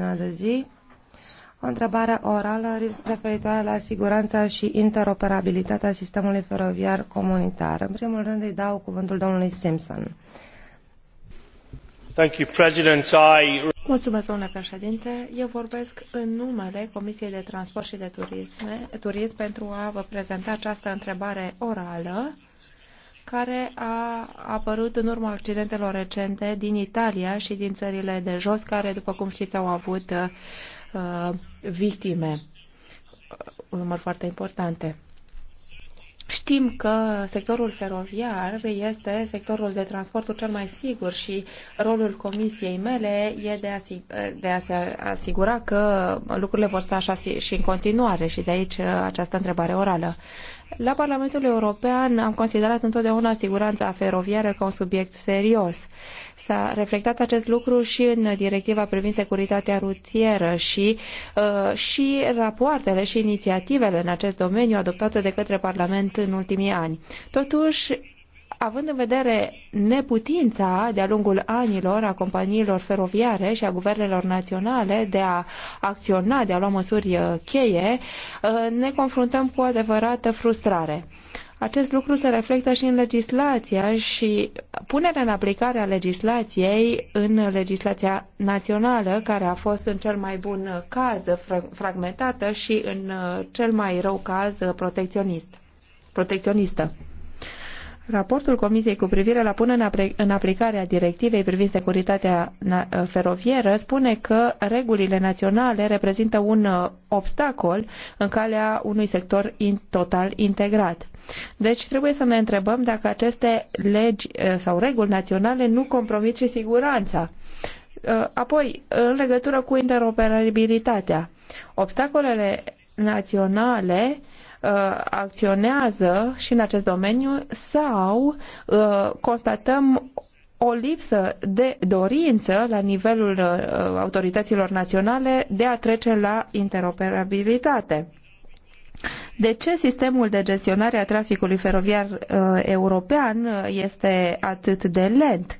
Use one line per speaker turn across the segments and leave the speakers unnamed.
ordinea de zi. O întrebare orală referitoare la siguranța și interoperabilitatea sistemului feroviar comunitar. În primul rând îi dau cuvântul domnului Simpson.
Thank you, President. I...
Mulțumesc, domnule
președinte. Eu vorbesc în numele Comisiei de Transport și de Turism, Turism pentru a vă prezenta această întrebare orală care a apărut în urma accidentelor recente din Italia și din țările de jos, care, după cum știți, au avut uh, victime, un număr foarte importante. Știm că sectorul feroviar este sectorul de transportul cel mai sigur și rolul comisiei mele e de a, de a se asigura că lucrurile vor sta așa și în continuare și de aici uh, această întrebare orală. La Parlamentul European am considerat întotdeauna siguranța feroviară ca un subiect serios. S-a reflectat acest lucru și în directiva privind securitatea rutieră și, uh, și rapoartele și inițiativele în acest domeniu adoptate de către Parlament în ultimii ani. Totuși, având în vedere neputința de-a lungul anilor a companiilor feroviare și a guvernelor naționale de a acționa, de a lua măsuri uh, cheie, uh, ne confruntăm cu adevărată frustrare. Acest lucru se reflectă și în legislația și punerea în aplicare a legislației în legislația națională, care a fost în cel mai bun caz fragmentată și în uh, cel mai rău caz protecționist, protecționistă. Raportul Comisiei cu privire la punerea în aplicare a directivei privind securitatea feroviară spune că regulile naționale reprezintă un uh, obstacol în calea unui sector total integrat. Deci trebuie să ne întrebăm dacă aceste legi uh, sau reguli naționale nu compromit și siguranța. Uh, apoi, în legătură cu interoperabilitatea, obstacolele naționale uh, Uh, acționează și în acest domeniu sau uh, constatăm o lipsă de dorință la nivelul uh, autorităților naționale de a trece la interoperabilitate. De ce sistemul de gestionare a traficului feroviar uh, european este atât de lent?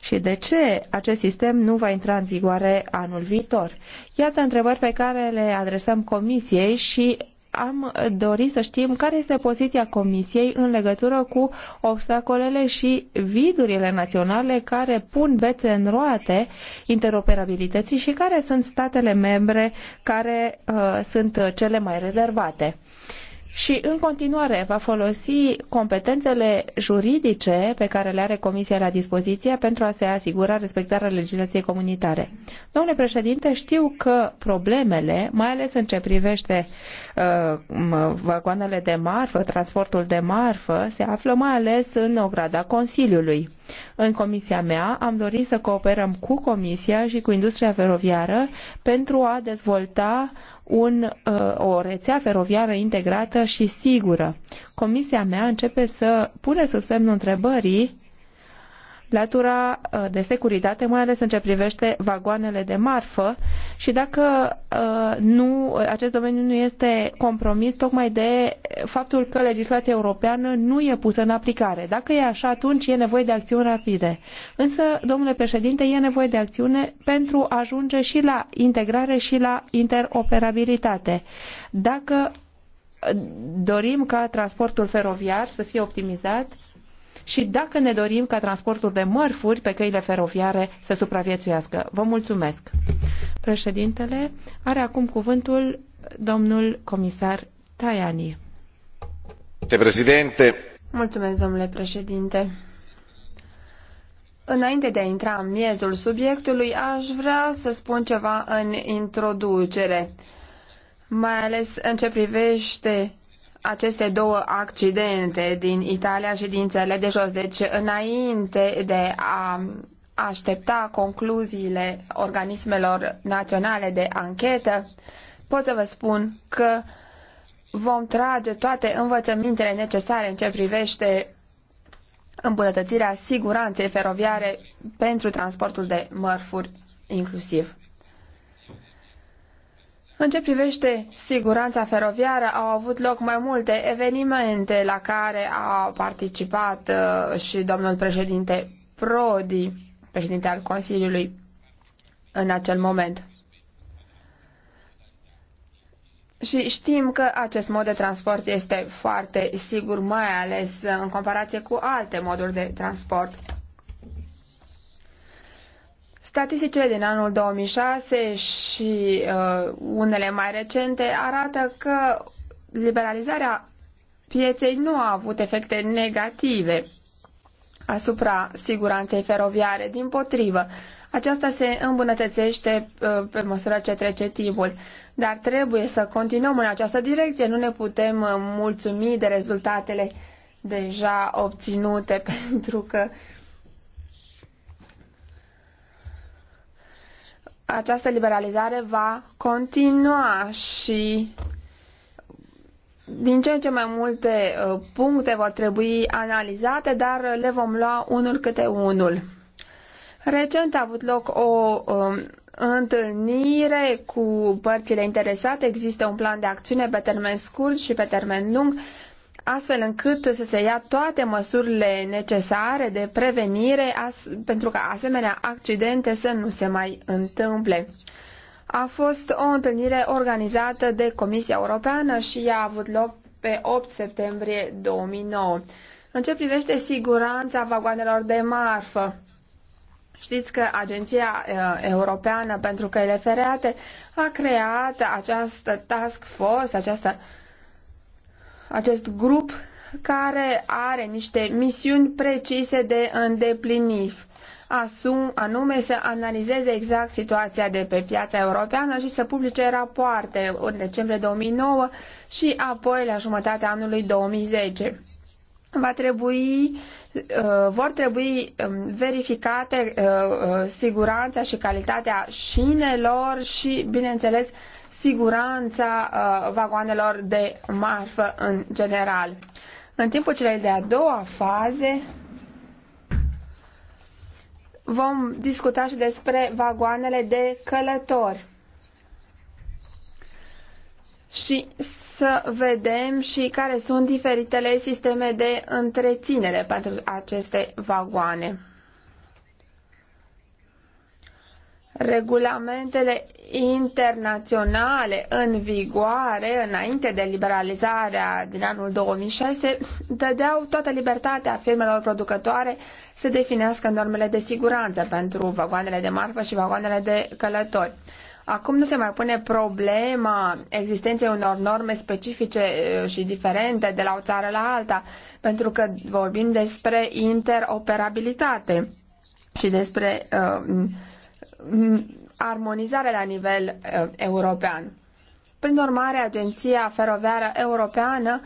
Și de ce acest sistem nu va intra în vigoare anul viitor? Iată întrebări pe care le adresăm Comisiei și am dorit să știm care este poziția Comisiei în legătură cu obstacolele și vidurile naționale care pun bețe în roate interoperabilității și care sunt statele membre care uh, sunt cele mai rezervate. Uh, și în continuare va folosi competențele juridice pe care le are Comisia la dispoziție pentru a se asigura respectarea legislației comunitare. Domnule președinte, știu că problemele, mai ales în ce privește uh, vagoanele de marfă, transportul de marfă, se află mai ales în ograda Consiliului. În comisia mea am dorit să cooperăm cu Comisia și cu industria feroviară pentru a dezvolta un, uh, o rețea feroviară integrată și sigură. Comisia mea începe să pune sub semnul întrebării latura uh, de securitate, mai ales în ce privește vagoanele de marfă și dacă uh, nu, acest domeniu nu este compromis tocmai de faptul că legislația europeană nu e pusă în aplicare. Dacă e așa, atunci e nevoie de acțiuni rapide. Însă, domnule președinte, e nevoie de acțiune pentru a ajunge și la integrare și la interoperabilitate. Dacă uh, dorim ca transportul feroviar să fie optimizat, și dacă ne dorim ca transportul de mărfuri pe căile feroviare să supraviețuiască. Vă mulțumesc. Președintele are acum cuvântul domnul comisar Tajani.
Președinte.
Mulțumesc, domnule președinte. Înainte de a intra în miezul subiectului, aș vrea să spun ceva în introducere, mai ales în ce privește aceste două accidente din Italia și din țările de jos. Deci, înainte de a aștepta concluziile organismelor naționale de anchetă, pot să vă spun că vom trage toate învățămintele necesare în ce privește îmbunătățirea siguranței feroviare pentru transportul de mărfuri inclusiv. În ce privește siguranța feroviară, au avut loc mai multe evenimente la care a participat uh, și domnul președinte Prodi, președinte al Consiliului, în acel moment. Și știm că acest mod de transport este foarte sigur, mai ales în comparație cu alte moduri de transport. Statisticile din anul 2006 și uh, unele mai recente arată că liberalizarea pieței nu a avut efecte negative asupra siguranței feroviare. Din potrivă, aceasta se îmbunătățește uh, pe măsură ce trece timpul. Dar trebuie să continuăm în această direcție. Nu ne putem uh, mulțumi de rezultatele deja obținute, pentru că uh, această liberalizare va continua și din ce în ce mai multe uh, puncte vor trebui analizate, dar le vom lua unul câte unul. Recent a avut loc o um, întâlnire cu părțile interesate, există un plan de acțiune pe termen scurt și pe termen lung astfel încât să se ia toate măsurile necesare de prevenire pentru ca asemenea accidente să nu se mai întâmple. A fost o întâlnire organizată de Comisia Europeană și ea a avut loc pe 8 septembrie 2009. În ce privește siguranța vagoanelor de marfă, Știți că Agenția uh, Europeană pentru Căile Ferate a creat această task force, această acest grup care are niște misiuni precise de îndeplinit asum, anume să analizeze exact situația de pe piața europeană și să publice rapoarte în decembrie 2009 și apoi la jumătatea anului 2010. Va trebui, uh, vor trebui um, verificate uh, uh, siguranța și calitatea șinelor și, bineînțeles, siguranța uh, vagoanelor de marfă în general. În timpul celei de-a doua faze vom discuta și despre vagoanele de călători și să vedem și care sunt diferitele sisteme de întreținere pentru aceste vagoane. regulamentele internaționale în vigoare înainte de liberalizarea din anul 2006 dădeau toată libertatea firmelor producătoare să definească normele de siguranță pentru vagoanele de marfă și vagoanele de călători. Acum nu se mai pune problema existenței unor norme specifice uh, și diferente de la o țară la alta, pentru că vorbim despre interoperabilitate și despre uh, Mm, armonizare la nivel uh, european. Prin urmare, Agenția Feroviară Europeană,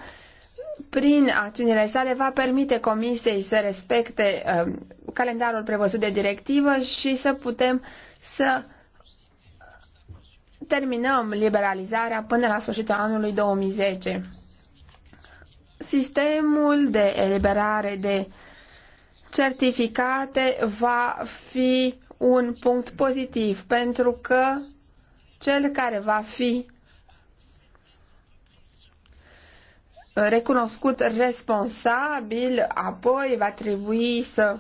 prin acțiunile sale, va permite Comisiei să respecte uh, calendarul prevăzut de directivă și să putem să terminăm liberalizarea până la sfârșitul anului 2010. Sistemul de eliberare de certificate va fi un punct pozitiv, pentru că cel care va fi recunoscut responsabil, apoi va trebui să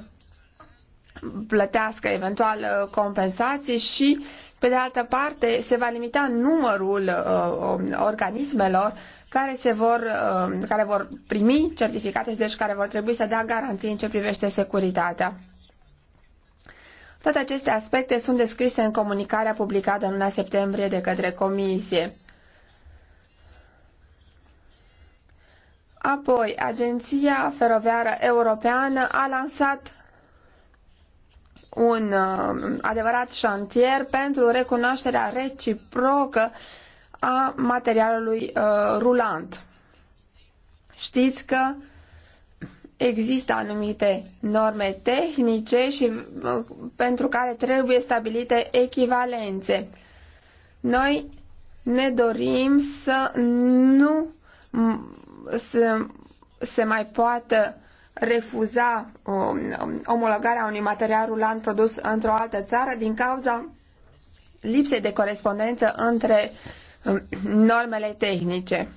plătească eventual uh, compensații și, pe de altă parte, se va limita numărul uh, um, organismelor care, se vor, uh, care vor primi certificate și deci care vor trebui să dea garanții în ce privește securitatea. Toate aceste aspecte sunt descrise în comunicarea publicată în luna septembrie de către Comisie. Apoi, Agenția Feroviară Europeană a lansat un uh, adevărat șantier pentru recunoașterea reciprocă a materialului uh, rulant. Știți că există anumite norme tehnice și uh, pentru care trebuie stabilite echivalențe. Noi ne dorim să nu să se mai poată refuza um, um, omologarea unui material rulant produs într-o altă țară din cauza lipsei de corespondență între um, normele tehnice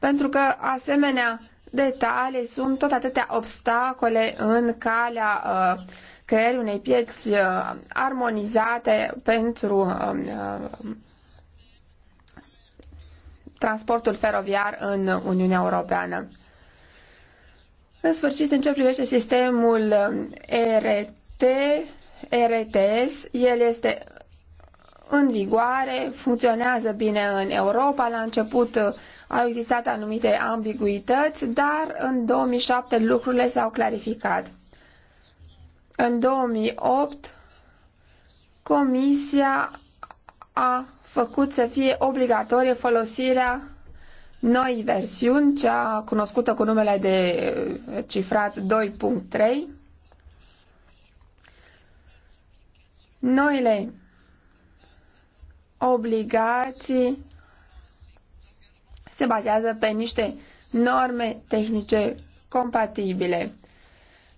pentru că asemenea detalii sunt tot atâtea obstacole în calea uh, creării unei pieți uh, armonizate pentru uh, uh transportul feroviar în Uniunea Europeană. În sfârșit, în ce privește sistemul uh, RT, RTS, el este în vigoare, funcționează bine în Europa. La început uh, au existat anumite ambiguități, dar în 2007 lucrurile s-au clarificat. În 2008, Comisia a făcut să fie obligatorie folosirea noi versiuni, cea cunoscută cu numele de eh, cifrat 2.3. Noile obligații se bazează pe niște norme tehnice compatibile.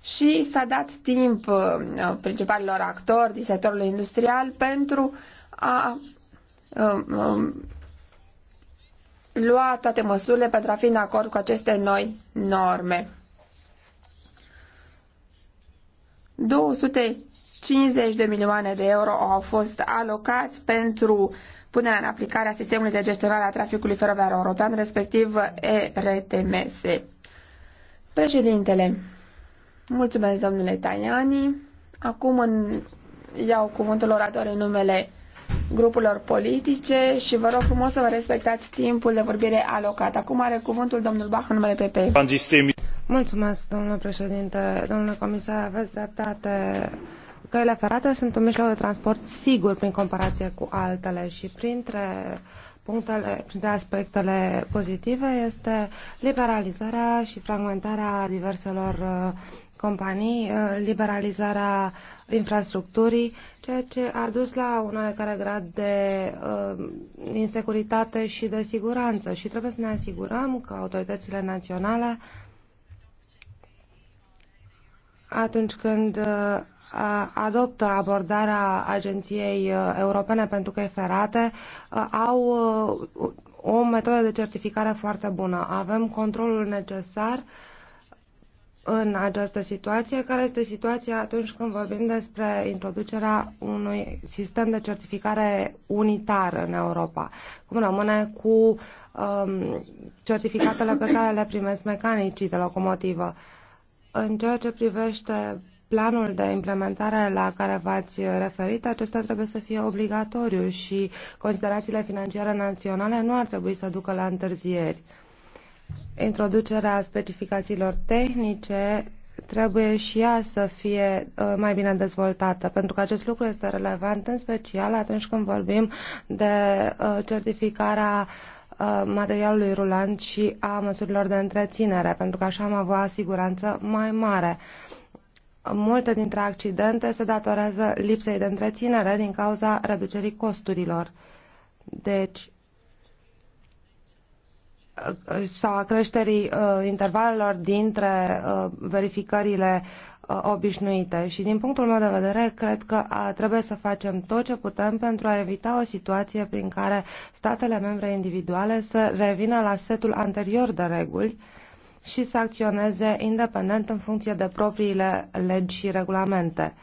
Și s-a dat timp uh, principalilor actori din sectorul industrial pentru a um, um, lua toate măsurile pentru a fi în acord cu aceste noi norme. 250 de milioane de euro au fost alocați pentru punerea în aplicare a sistemului de gestionare a traficului feroviar european, respectiv ERTMS. Președintele, mulțumesc domnule Tajani. Acum în, iau cuvântul orator în numele grupurilor politice și vă rog frumos să vă respectați timpul de
vorbire alocat. Acum are cuvântul domnul Bach în numele PP. Mulțumesc, domnule președinte, domnule comisar, aveți dreptate căile ferate sunt un mijloc de transport sigur prin comparație cu altele și printre punctele, printre aspectele pozitive este liberalizarea și fragmentarea diverselor uh, companii, uh, liberalizarea infrastructurii, ceea ce a dus la un oarecare grad de uh, insecuritate și de siguranță. Și trebuie să ne asigurăm că autoritățile naționale, atunci când uh, adoptă abordarea Agenției uh, Europene pentru Căi Ferate uh, au uh, o metodă de certificare foarte bună. Avem controlul necesar în această situație, care este situația atunci când vorbim despre introducerea unui sistem de certificare unitar în Europa, cum rămâne cu um, certificatele pe care le primesc mecanicii de locomotivă. În ceea ce privește planul de implementare la care v-ați referit, acesta trebuie să fie obligatoriu și considerațiile financiare naționale nu ar trebui să ducă la întârzieri. Introducerea specificațiilor tehnice trebuie și ea să fie uh, mai bine dezvoltată, pentru că acest lucru este relevant în special atunci când vorbim de uh, certificarea uh, materialului rulant și a măsurilor de întreținere, pentru că așa am avea siguranță mai mare multe dintre accidente se datorează lipsei de întreținere din cauza reducerii costurilor. Deci, sau a creșterii uh, intervalelor dintre uh, verificările uh, obișnuite. Și din punctul meu de vedere, cred că uh, trebuie să facem tot ce putem pentru a evita o situație prin care statele membre individuale să revină la setul anterior de reguli uh, și să acționeze independent în funcție de propriile legi și regulamente.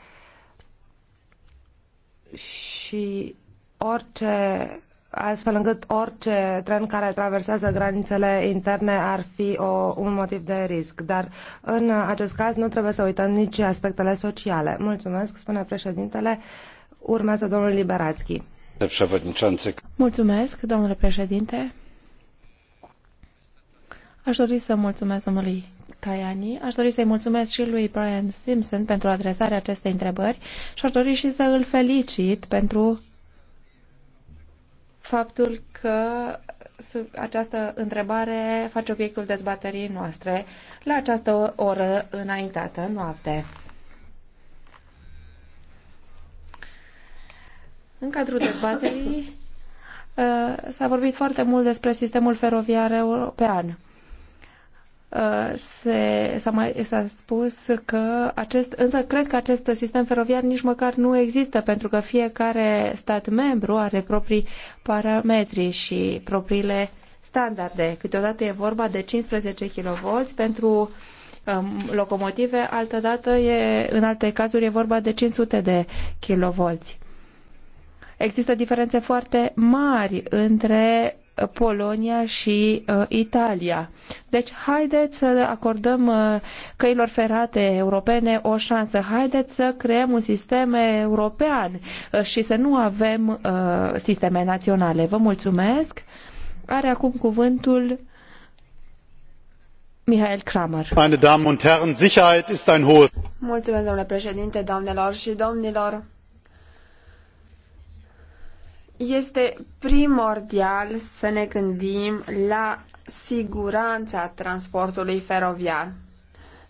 Și orice, astfel încât orice tren care traversează granițele interne ar fi o, un motiv de risc. Dar în acest caz nu trebuie să uităm nici aspectele sociale. Mulțumesc, spune președintele. Urmează domnul Liberațchi. Mulțumesc, domnule președinte.
Aș dori să mulțumesc domnului Tajani. Aș dori să-i mulțumesc și lui Brian Simpson pentru adresarea acestei întrebări și aș dori și să îl felicit pentru faptul că această întrebare face obiectul dezbaterii noastre la această oră înaintată, noapte. În cadrul dezbaterii uh, s-a vorbit foarte mult despre sistemul feroviar european. Uh, se, s-a, mai, s-a spus că acest, însă cred că acest sistem feroviar nici măcar nu există, pentru că fiecare stat membru are proprii parametri și propriile standarde. Câteodată e vorba de 15 kV pentru um, locomotive, altădată e, în alte cazuri e vorba de 500 de kV. Există diferențe foarte mari între Polonia și uh, Italia. Deci haideți să acordăm uh, căilor ferate europene o șansă. Haideți să creăm un sistem european uh, și să nu avem uh, sisteme naționale. Vă mulțumesc. Are acum
cuvântul
Mihail Kramer. Meine Damen und Herren, Sicherheit ist ein hohes.
Mulțumesc, domnule președinte, doamnelor și domnilor. Este primordial să ne gândim la siguranța transportului feroviar.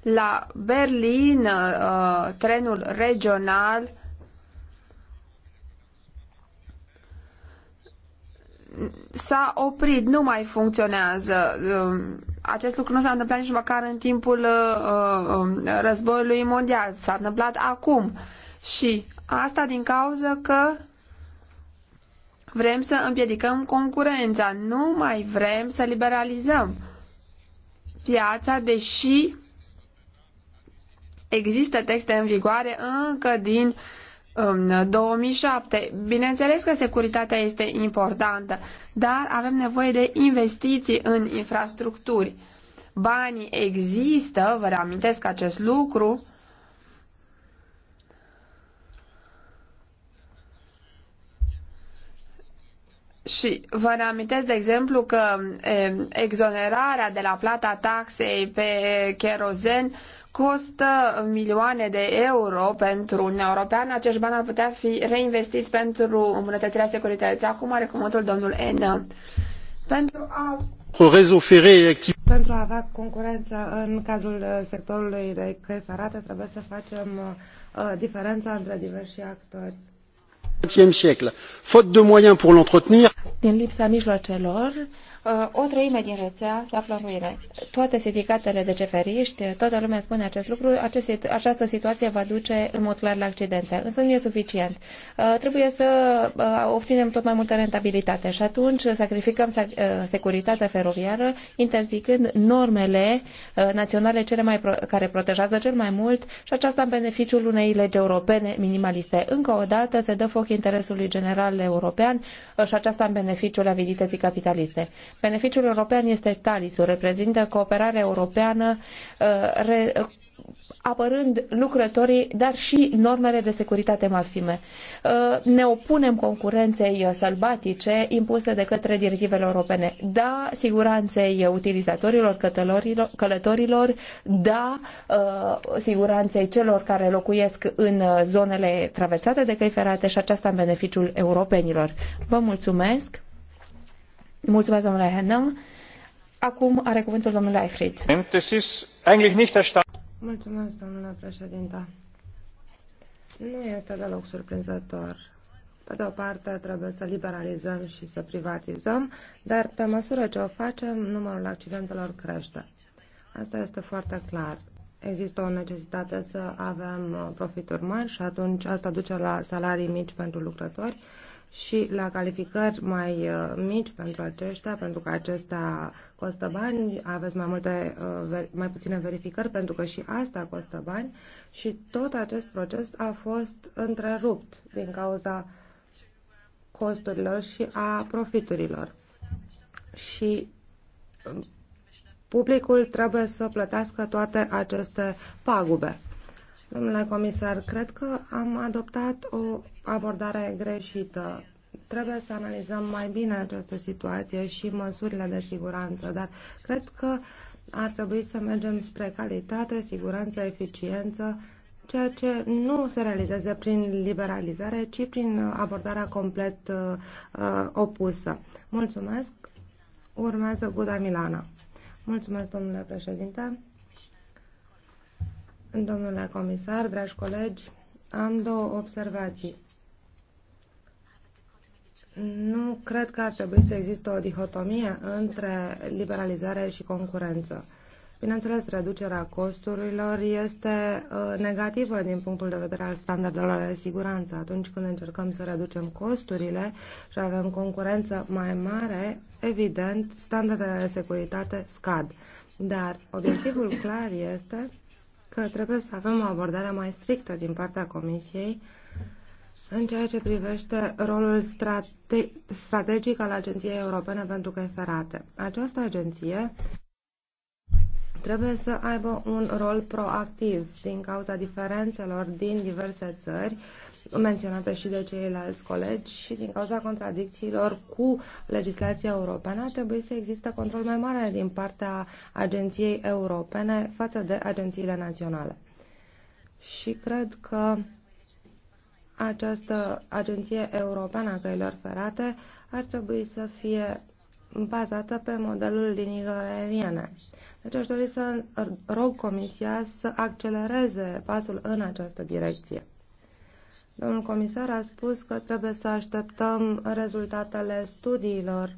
La Berlin, uh, trenul regional s-a oprit, nu mai funcționează. Um, acest lucru nu s-a întâmplat nici măcar în timpul uh, um, războiului mondial. S-a întâmplat acum. Și asta din cauza că Vrem să împiedicăm concurența, nu mai vrem să liberalizăm piața, deși există texte în vigoare încă din în um, 2007. Bineînțeles că securitatea este importantă, dar avem nevoie de investiții în infrastructuri. Banii există, vă reamintesc acest lucru, Și vă reamintesc, de exemplu, că exonerarea de la plata taxei pe cherozen costă milioane de euro pentru Uniunea Europeană. Acești bani ar putea fi reinvestiți pentru îmbunătățirea securității. Acum are cuvântul domnul N. Pentru a
pentru a avea concurență în cadrul uh, sectorului de căi ferate trebuie să facem uh, uh, diferența între diversi actori.
Din lipsa mijloacelor, o treime din rețea se află în ruine. Toate sindicatele de ceferiști, toată lumea spune acest lucru, acest, această situație va duce în mod clar la accidente, însă nu e suficient. Uh, trebuie să uh, obținem tot mai multă rentabilitate și atunci sacrificăm uh, securitatea feroviară interzicând normele naționale cele mai pro- care protejează cel mai mult și aceasta în beneficiul unei legi europene minimaliste. Încă o dată se dă foc interesului general european și aceasta în beneficiul avidității capitaliste. Beneficiul european este Talisul, reprezintă cooperarea europeană uh, re, apărând lucrătorii, dar și normele de securitate maxime. Uh, ne opunem concurenței sălbatice impuse de către directivele europene. Da, siguranței utilizatorilor, călătorilor, da, uh, siguranței celor care locuiesc în zonele traversate de căi ferate și aceasta în beneficiul europenilor. Vă mulțumesc! Mulțumesc, domnule Hennem.
Acum are cuvântul domnul Leifried. Mulțumesc, domnule președinte. Nu este deloc surprinzător. Pe de o parte, trebuie să liberalizăm și să privatizăm, dar pe măsură ce o facem, numărul accidentelor crește. Asta este foarte clar. Există o necesitate să avem uh, profituri mari și atunci asta duce la salarii mici pentru lucrători și la calificări mai uh, mici pentru aceștia, pentru că acesta costă bani, aveți mai, multe, uh, mai puține verificări pentru că și asta costă bani și tot acest proces a fost întrerupt din cauza costurilor și a profiturilor. Și um, publicul trebuie să plătească toate aceste pagube. Domnule comisar, cred că am adoptat o abordare greșită. Trebuie să analizăm mai bine această situație și măsurile de siguranță, dar cred că ar trebui să mergem spre calitate, siguranță, eficiență, ceea ce nu se realizează prin liberalizare, ci prin abordarea complet uh, uh opusă. Mulțumesc. Urmează Guda Milana. Mulțumesc, domnule președinte. Domnule comisar, dragi colegi, am două observații. Nu cred că ar trebui să existe o dihotomie între liberalizare și concurență. Bineînțeles, reducerea costurilor este ă, negativă din punctul de vedere al standardelor de siguranță. Atunci când încercăm să reducem costurile și avem concurență mai mare, evident, standardele de securitate scad. Dar obiectivul clar este că trebuie să avem o abordare mai strictă din partea Comisiei în ceea ce privește rolul strate strategic al Agenției Europene pentru Căi Ferate. Această agenție trebuie să aibă un rol proactiv din cauza diferențelor din diverse țări menționată și de ceilalți colegi și din cauza contradicțiilor cu legislația europeană ar trebui să existe control mai mare din partea agenției europene față de agențiile naționale. Și cred că această agenție europeană a căilor ferate ar trebui să fie bazată pe modelul liniilor aeriene. Deci aș dori să rog Comisia să accelereze pasul în această direcție. Domnul comisar a spus că trebuie să așteptăm rezultatele studiilor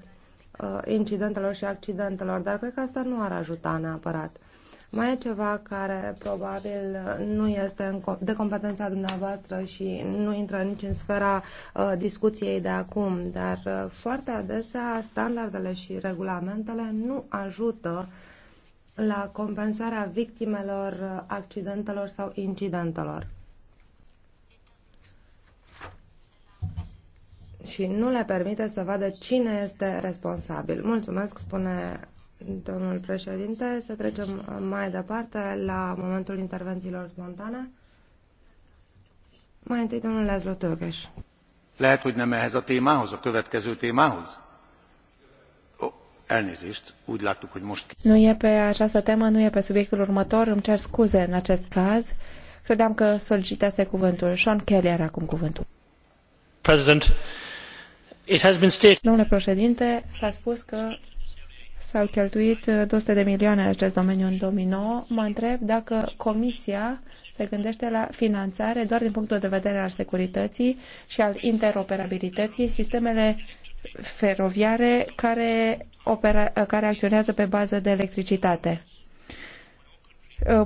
uh, incidentelor și accidentelor, dar cred că asta nu ar ajuta neapărat. Mai e ceva care probabil nu este de competența dumneavoastră și nu intră nici în sfera uh, discuției de acum, dar uh, foarte adesea standardele și regulamentele nu ajută la compensarea victimelor uh, accidentelor sau incidentelor. și nu le permite să vadă cine este responsabil. Mulțumesc, spune domnul președinte. Să trecem mai departe la momentul intervențiilor spontane. Mai întâi domnul László Tőkes.
Lehet, hogy nem ehhez a témához, a következő témához? Elnézést, úgy láttuk, hogy most... Nu e pe această temă, nu e pe subiectul următor. Îmi cer scuze în acest caz. Credeam că solicitase cuvântul. Sean Kelly are acum cuvântul. President, Domnule președinte, s-a spus că s-au cheltuit 200 de milioane în acest domeniu în 2009. Mă întreb dacă Comisia se gândește la finanțare doar din punctul de vedere al securității și al interoperabilității, sistemele feroviare care, opera, care acționează pe bază de electricitate.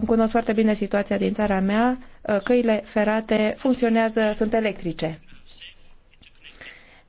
cunosc foarte bine situația din țara mea. Căile ferate funcționează, sunt electrice.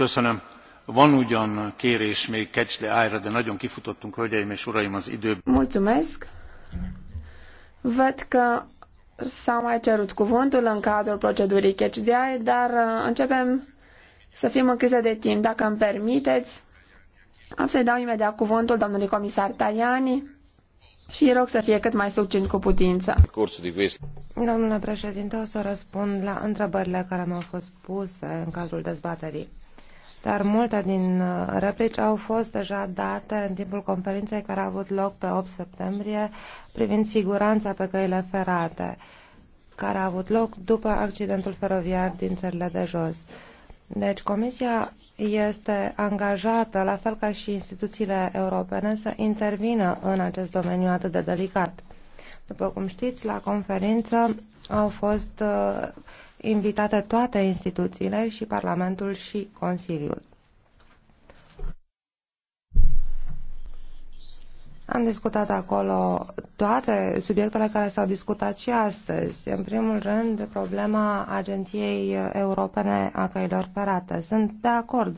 Köszönöm.
Van ugyan kérés még de nagyon kifutottunk, hölgyeim és uraim, az
Mulțumesc. Văd că s-a mai cerut cuvântul în cadrul procedurii catch the eye, dar uh, începem să fim criză de timp. Dacă îmi permiteți, am să-i dau imediat cuvântul domnului comisar Tajani
și îi rog să fie cât mai succint cu putință. Domnule președinte, o să răspund la întrebările care mi-au fost puse în cadrul dezbaterii dar multe din uh, replici au fost deja date în timpul conferinței care a avut loc pe 8 septembrie privind siguranța pe căile ferate, care a avut loc după accidentul feroviar din țările de jos. Deci Comisia este angajată, la fel ca și instituțiile europene, să intervină în acest domeniu atât de delicat. După cum știți, la conferință au fost uh, invitate toate instituțiile și Parlamentul și Consiliul. Am discutat acolo toate subiectele care s-au discutat și astăzi. În primul rând, problema Agenției Europene a Căilor Ferate. Sunt de acord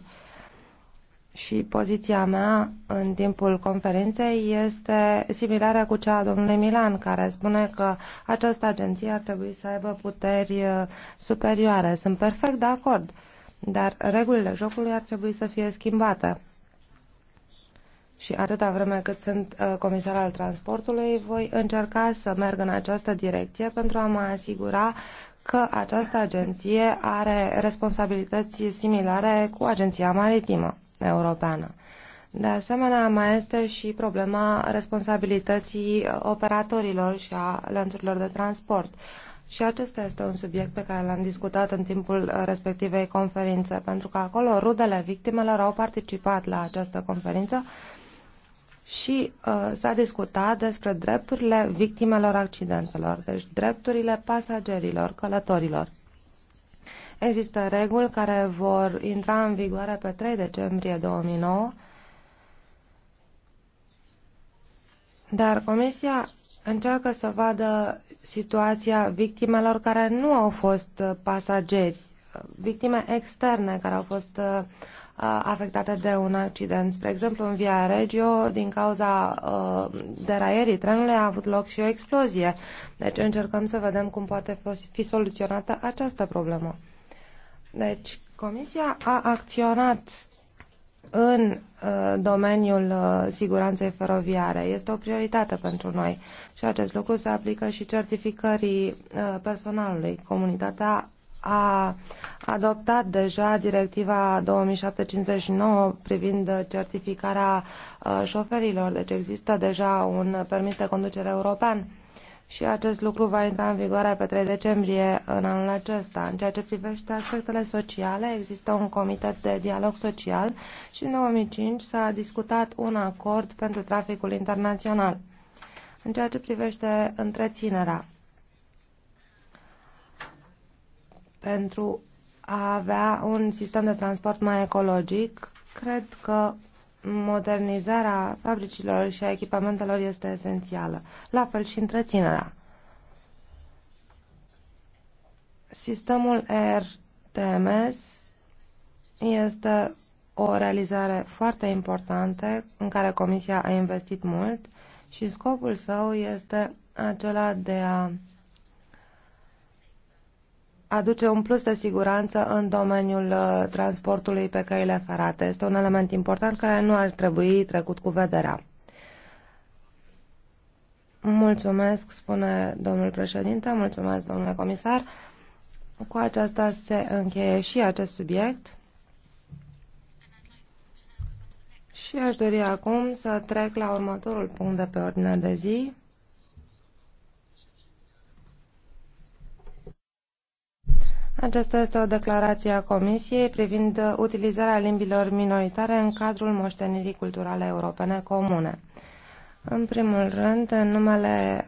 și poziția mea în timpul conferinței este similară cu cea a domnului Milan, care spune că această agenție ar trebui să aibă puteri uh, superioare. Sunt perfect de acord, dar regulile jocului ar trebui să fie schimbate. Și atâta vreme cât sunt uh, comisar al transportului, voi încerca să merg în această direcție pentru a mă asigura că această agenție are responsabilități similare cu agenția maritimă europeană. De asemenea, mai este și problema responsabilității operatorilor și a lanțurilor de transport. Și acesta este un subiect pe care l-am discutat în timpul respectivei conferințe, pentru că acolo rudele victimelor au participat la această conferință și uh, s-a discutat despre drepturile victimelor accidentelor, deci drepturile pasagerilor, călătorilor. Există reguli care vor intra în vigoare pe 3 decembrie 2009, dar Comisia încearcă să vadă situația victimelor care nu au fost uh, pasageri, uh, victime externe care au fost uh, afectate de un accident. Spre exemplu, în Via Regio, din cauza uh, deraierii trenului, a avut loc și o explozie. Deci încercăm să vedem cum poate fi soluționată această problemă. Deci, Comisia a acționat în uh, domeniul uh, siguranței feroviare. Este o prioritate pentru noi și acest lucru se aplică și certificării uh, personalului. Comunitatea a adoptat deja directiva 2759 privind certificarea șoferilor, deci există deja un permis de conducere european și acest lucru va intra în vigoare pe 3 decembrie în anul acesta. În ceea ce privește aspectele sociale, există un comitet de dialog social și în 2005 s-a discutat un acord pentru traficul internațional. În ceea ce privește întreținerea, pentru a avea un sistem de transport mai ecologic, cred că modernizarea fabricilor și a echipamentelor este esențială, la fel și întreținerea. Sistemul RTMS este o realizare foarte importantă în care Comisia a investit mult și scopul său este acela de a aduce un plus de siguranță în domeniul uh, transportului pe căile ferate. Este un element important care nu ar trebui trecut cu vederea. Mulțumesc, spune domnul președinte, mulțumesc, domnule comisar. Cu aceasta se încheie și acest subiect. Și aș dori acum să trec la următorul punct de pe ordinea de zi. Aceasta este o declarație a Comisiei privind utilizarea limbilor minoritare în cadrul moștenirii culturale europene comune. În primul rând, în numele